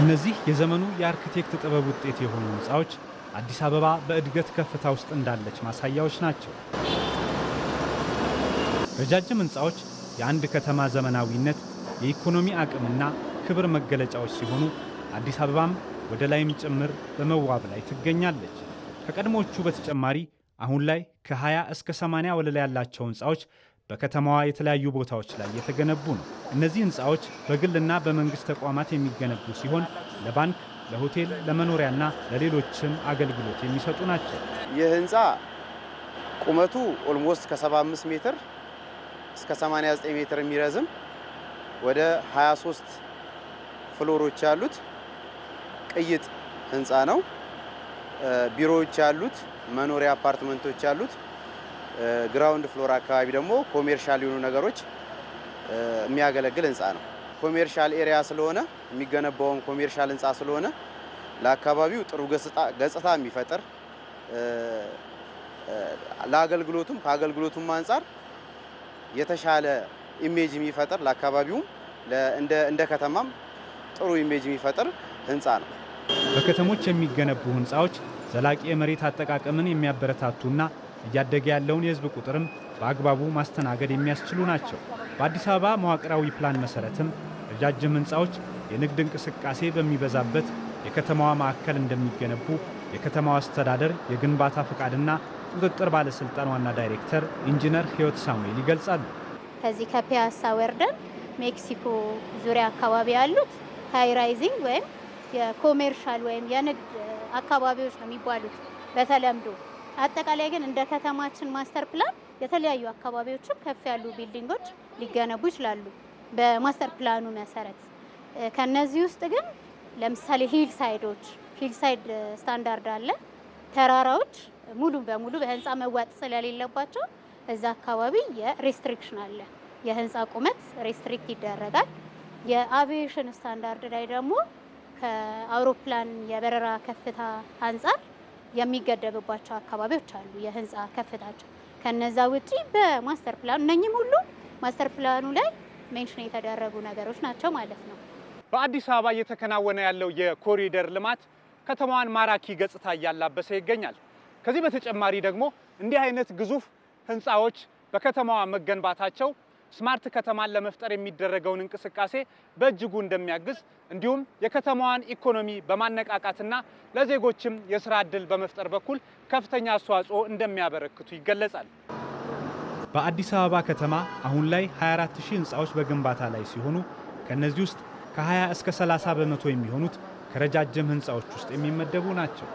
እነዚህ የዘመኑ የአርክቴክት ጥበብ ውጤት የሆኑ ህንፃዎች አዲስ አበባ በእድገት ከፍታ ውስጥ እንዳለች ማሳያዎች ናቸው። ረጃጅም ህንፃዎች የአንድ ከተማ ዘመናዊነት፣ የኢኮኖሚ አቅምና ክብር መገለጫዎች ሲሆኑ አዲስ አበባም ወደ ላይም ጭምር በመዋብ ላይ ትገኛለች። ከቀድሞቹ በተጨማሪ አሁን ላይ ከ20 እስከ 80 ወለላ ያላቸው ህንፃዎች በከተማዋ የተለያዩ ቦታዎች ላይ የተገነቡ ነው። እነዚህ ህንፃዎች በግልና በመንግስት ተቋማት የሚገነቡ ሲሆን ለባንክ፣ ለሆቴል፣ ለመኖሪያና ለሌሎችም አገልግሎት የሚሰጡ ናቸው። ይህ ህንፃ ቁመቱ ኦልሞስት ከ75 ሜትር እስከ 89 ሜትር የሚረዝም ወደ 23 ፍሎሮች ያሉት ቅይጥ ህንፃ ነው። ቢሮዎች ያሉት፣ መኖሪያ አፓርትመንቶች ያሉት ግራውንድ ፍሎር አካባቢ ደግሞ ኮሜርሻል የሆኑ ነገሮች የሚያገለግል ህንፃ ነው። ኮሜርሻል ኤሪያ ስለሆነ የሚገነባውም ኮሜርሻል ህንፃ ስለሆነ ለአካባቢው ጥሩ ገጽታ የሚፈጥር ለአገልግሎቱም ከአገልግሎቱም አንጻር የተሻለ ኢሜጅ የሚፈጥር ለአካባቢውም እንደ ከተማም ጥሩ ኢሜጅ የሚፈጥር ህንፃ ነው። በከተሞች የሚገነቡ ህንፃዎች ዘላቂ የመሬት አጠቃቀምን የሚያበረታቱና እያደገ ያለውን የህዝብ ቁጥርም በአግባቡ ማስተናገድ የሚያስችሉ ናቸው። በአዲስ አበባ መዋቅራዊ ፕላን መሰረትም ረጃጅም ህንፃዎች የንግድ እንቅስቃሴ በሚበዛበት የከተማዋ ማዕከል እንደሚገነቡ የከተማዋ አስተዳደር የግንባታ ፈቃድና ቁጥጥር ባለስልጣን ዋና ዳይሬክተር ኢንጂነር ህይወት ሳሙኤል ይገልጻሉ። ከዚህ ከፒያሳ ወርደን ሜክሲኮ ዙሪያ አካባቢ ያሉት ሃይራይዚንግ ወይም የኮሜርሻል ወይም የንግድ አካባቢዎች ነው የሚባሉት በተለምዶ አጠቃላይ ግን እንደ ከተማችን ማስተር ፕላን የተለያዩ አካባቢዎችም ከፍ ያሉ ቢልዲንጎች ሊገነቡ ይችላሉ በማስተር ፕላኑ መሰረት። ከነዚህ ውስጥ ግን ለምሳሌ ሂል ሳይዶች ሂል ሳይድ ስታንዳርድ አለ። ተራራዎች ሙሉ በሙሉ በህንፃ መዋጥ ስለሌለባቸው እዛ አካባቢ የሬስትሪክሽን አለ። የህንፃ ቁመት ሬስትሪክት ይደረጋል። የአቪዬሽን ስታንዳርድ ላይ ደግሞ ከአውሮፕላን የበረራ ከፍታ አንጻር የሚገደብባቸው አካባቢዎች አሉ፣ የህንፃ ከፍታቸው። ከነዛ ውጪ በማስተር ፕላኑ እነኝም ሁሉ ማስተር ፕላኑ ላይ ሜንሽን የተደረጉ ነገሮች ናቸው ማለት ነው። በአዲስ አበባ እየተከናወነ ያለው የኮሪደር ልማት ከተማዋን ማራኪ ገጽታ እያላበሰ ይገኛል። ከዚህ በተጨማሪ ደግሞ እንዲህ አይነት ግዙፍ ህንፃዎች በከተማዋ መገንባታቸው ስማርት ከተማን ለመፍጠር የሚደረገውን እንቅስቃሴ በእጅጉ እንደሚያግዝ እንዲሁም የከተማዋን ኢኮኖሚ በማነቃቃትና ለዜጎችም የስራ እድል በመፍጠር በኩል ከፍተኛ አስተዋጽኦ እንደሚያበረክቱ ይገለጻል። በአዲስ አበባ ከተማ አሁን ላይ 24 ህንፃዎች በግንባታ ላይ ሲሆኑ ከእነዚህ ውስጥ ከ20 እስከ 30 በመቶ የሚሆኑት ከረጃጅም ህንፃዎች ውስጥ የሚመደቡ ናቸው።